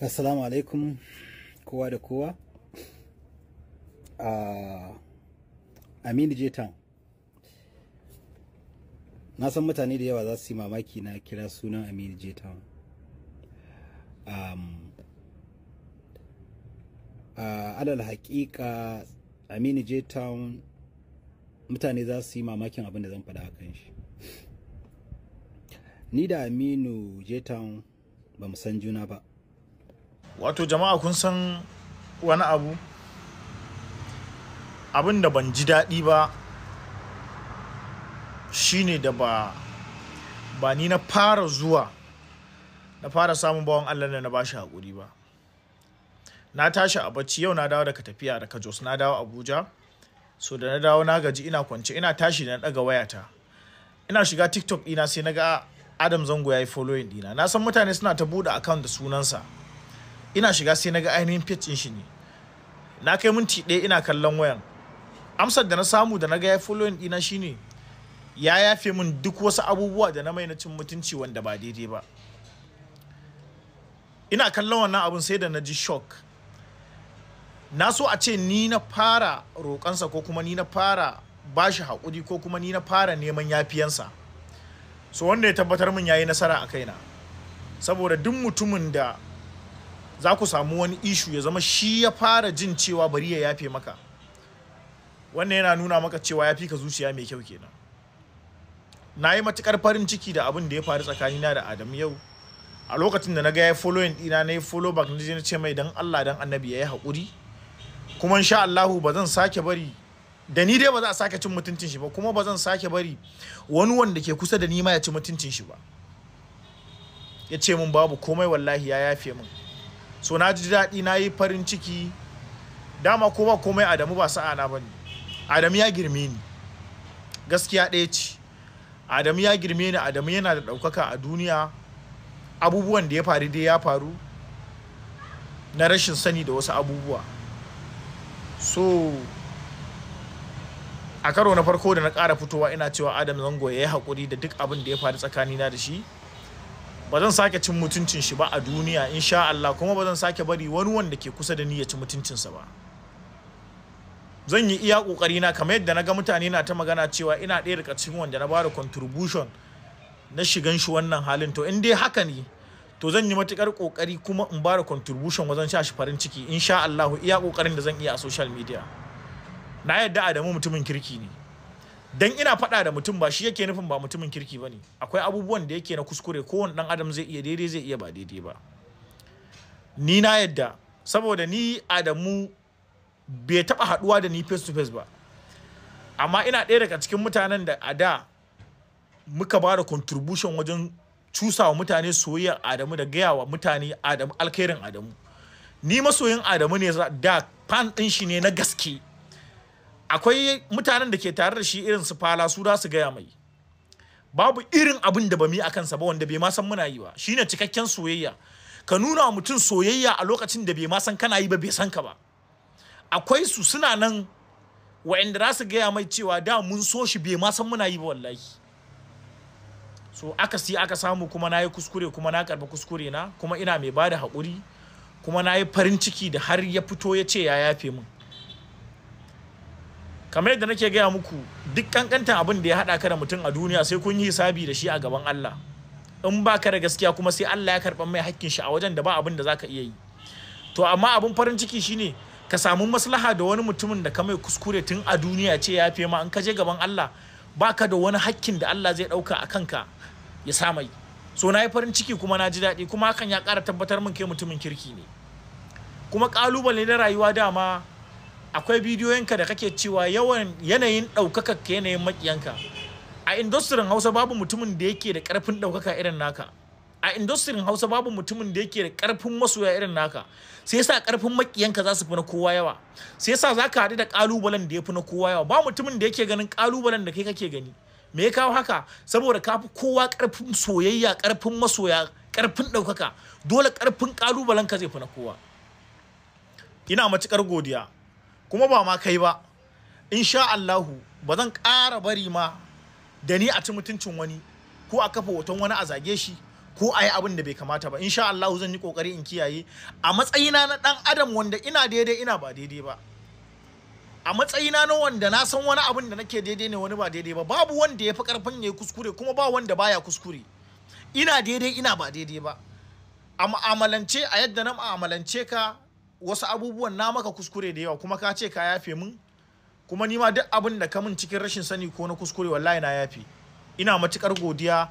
assalamu alaikum kowa da kowa uh, aminu jetan na san mutane da yawa za su yi mamaki na kira sunan aminu jetan um, uh, ah, alal haƙiƙa aminu jetan mutane za su yi mamakin abin da zan faɗa a kan shi ni da aminu jetan ba mu san juna ba wato jama'a kun san wani abu abin da ban ji daɗi ba shine da ba ba ni na fara zuwa na fara samun bawan allah da na bashi haƙuri ba na tashi a bacci yau na dawo daga tafiya daga jos na dawo abuja so da na dawo na gaji ina kwance ina tashi da na ɗaga wayata ina shiga tiktok ɗina sai na ga adam zango ya yi following ɗina na san mutane suna ta buɗe account da sunansa ina shiga sai naga ainihin page shi ne na kai minti ɗaya ina kallon wayan amsar da na samu da naga ya following ɗina shine ya yafe min duk wasu abubuwa da na mai na cin mutunci wanda ba daidai ba ina kallon wannan abun sai da na ji shock na so a ce ni na fara roƙansa ko kuma ni na fara bashi hakuri ko kuma ni na fara neman yafiyansa so wanda ya tabbatar min ya yi nasara a kaina saboda duk mutumin da za ku samu wani ishu ya zama shi ya fara jin cewa bari ya yafe maka wannan yana nuna maka cewa ya fi ka zuciya mai kyau kenan na yi matukar farin ciki da abin da ya faru tsakanina da adam yau a lokacin da na ga ya in ɗina na yi follow back na je na ce mai dan Allah dan annabi ya yi haƙuri kuma insha Allahu ba zan sake bari da ni dai ba za a sake cin mutuncin shi ba kuma ba zan sake bari wani wanda ke kusa da ni ma ya ci mutuncin shi ba ya ce min babu komai wallahi ya yafe min so na ji daɗi na yi farin ciki dama kuma komai adamu ba sa'a na bane adamu ya girme ni gaskiya ɗaya ce adamu ya girme ni adamu yana da ɗaukaka a duniya abubuwan da ya faru dai ya faru na rashin sani da wasu abubuwa so a karo na farko da na ƙara fitowa ina cewa adam zango ya yi haƙuri da duk abin da ya faru tsakanina da shi ba zan sake cin mutuncin shi ba a duniya insha Allah kuma ba zan sake bari wani wanda ke kusa da ni ya ci mutuncinsa ba zan yi iya kokari na kamar yadda na ga mutane na ta magana cewa ina ɗaya daga cikin wanda na bada contribution na shigan shi wannan halin to in dai haka ne to zan yi matukar kokari kuma in bada contribution wajen sha shi farin ciki in sha Allah iya kokarin da zan iya a social media na yadda Adamu mutumin kirki ne dan ina faɗa da mutum ba shi yake nufin ba mutumin kirki ba ne akwai abubuwan da yake na kuskure kowane ɗan adam zai iya daidai zai iya ba daidai ba ni na yadda saboda ni adamu bai taɓa haɗuwa da ni face to face ba amma ina ɗaya daga cikin mutanen da a da muka ba da contribution wajen cusawa mutane soyayyar adamu da gaya wa mutane adamu alkhairin adamu ni masoyin adamu ne da fan ɗin shi ne na gaske akwai mutanen da ke tare da shi irin su fala su da su gaya mai babu irin abin da ba mu yi a kansa ba wanda bai ma san muna yi ba shine cikakken soyayya ka nuna wa mutum soyayya a lokacin da bai ma san kana yi ba bai san ka ba akwai su suna nan wa'anda za su gaya mai cewa da mun so shi bai ma san muna yi ba wallahi so aka si aka samu kuma na yi kuskure kuma na karba kuskure na kuma ina mai bada haƙuri kuma na yi farin ciki da har ya fito ya ce ya yafe min kamar yadda nake gaya muku duk kankantan abin da ya haɗa ka da mutum a duniya sai kun yi hisabi da shi a gaban Allah in ba ka da gaskiya kuma sai Allah ya karɓa mai hakkin shi a wajen da ba abin da za ka iya yi to amma abin farin ciki shine ka samu maslaha da wani mutumin da ka mai kuskure tun a duniya ce ya fi ma in ka je gaban Allah ba ka da wani hakkin da Allah zai ɗauka a kanka ya sa mai so na yi farin ciki kuma na ji daɗi kuma hakan ya kara tabbatar min kai mutumin kirki ne kuma ƙalubale na rayuwa dama akwai bidiyoyinka da kake cewa yawan yanayin ɗaukaka ka yanayin makiyanka a industirin hausa babu mutumin da yake da ƙarfin ɗaukaka irin naka a industirin hausa babu mutumin da yake da ƙarfin masoya irin naka sai yasa ƙarfin makiyanka za su fi na kowa yawa sai yasa za ka haɗu da ƙalubalen da ya fi na kowa yawa ba mutumin da yake ganin ƙalubalen da kai kake gani me ya kawo haka saboda ka fi kowa ƙarfin soyayya ƙarfin masoya ƙarfin ɗaukaka dole ƙarfin ƙalubalen ka zai fi na kowa ina matuƙar godiya kuma ba ma kai ba insha Allahu ba zan ƙara bari ma da ni a ci mutuncin wani ko a kafa hoton wani a zage shi ko a yi abin da bai kamata ba insha Allahu zan yi kokari in kiyaye a matsayina na dan adam wanda ina daidai ina ba daidai ba a matsayina na wanda na san wani abin da nake daidai ne wani ba daidai ba babu wanda ya fi karfin ya yi kuskure kuma ba wanda baya kuskure ina daidai ina ba daidai ba a ma'amalance a yadda na ma'amalance ka wasu abubuwan na maka kuskure da yawa kuma ka ce ka yafe mun kuma ni ma duk abin da ka mun cikin rashin sani ko na kuskure wallahi na yafe ina matukar godiya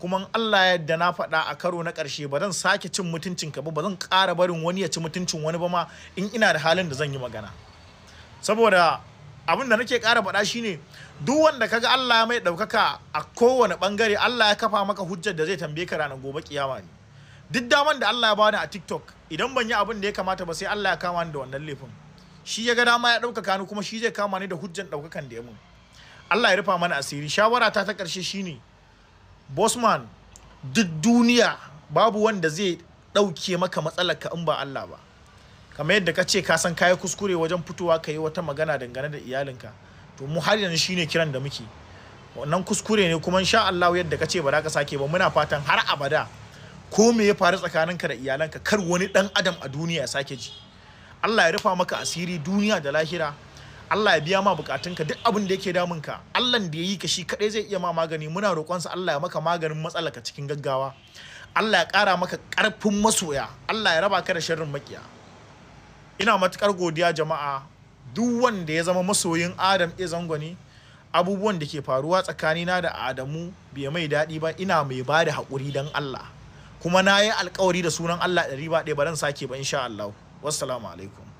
kuma Allah ya yarda na faɗa a karo na ƙarshe ba zan sake cin mutuncin ka ba ba zan ƙara barin wani ya ci mutuncin wani ba ma in ina da halin da zan yi magana saboda abin da nake ƙara faɗa shine duk wanda kaga Allah ya mai ɗaukaka a kowane ɓangare Allah ya kafa maka hujjar da zai tambaye ka ranar gobe kiyama ne duk daman da Allah ya bani a TikTok idan ban yi abin da ya kamata ba sai Allah ya kama ni da wannan laifin shi ya ga dama ya ɗaukaka ni kuma shi zai kama ni da hujjan ɗaukakan da ya mun Allah ya rufa mana asiri shawara ta ta ƙarshe shine bosman duk duniya babu wanda zai ɗauke maka matsalar ka in ba Allah ba kamar yadda ka ce ka san kayi kuskure wajen fitowa ka yi wata magana dangane da iyalinka to mu har yanzu shine kiran da muke wannan kuskure ne kuma insha Allah yadda ka ce ba za ka sake ba muna fatan har abada ko me ya faru tsakaninka da iyalanka kar wani dan adam a duniya ya sake ji Allah ya rufa maka asiri duniya da lahira Allah ya biya ma bukatunka duk abin da yake ka. Allah da ya yi ka shi kadai zai iya ma magani muna roƙonsa Allah ya maka maganin matsalaka cikin gaggawa Allah ya ƙara maka ƙarfin masoya Allah ya raba ka da sharrin makiya ina matuƙar godiya jama'a duk wanda ya zama masoyin Adam e zangwani abubuwan da ke faruwa tsakanina da Adamu bai mai daɗi ba ina mai ba da haƙuri don Allah kuma na yi alkawari da sunan Allah ɗari ba ɗaya ba zan sake ba insha Allah wassalamu alaikum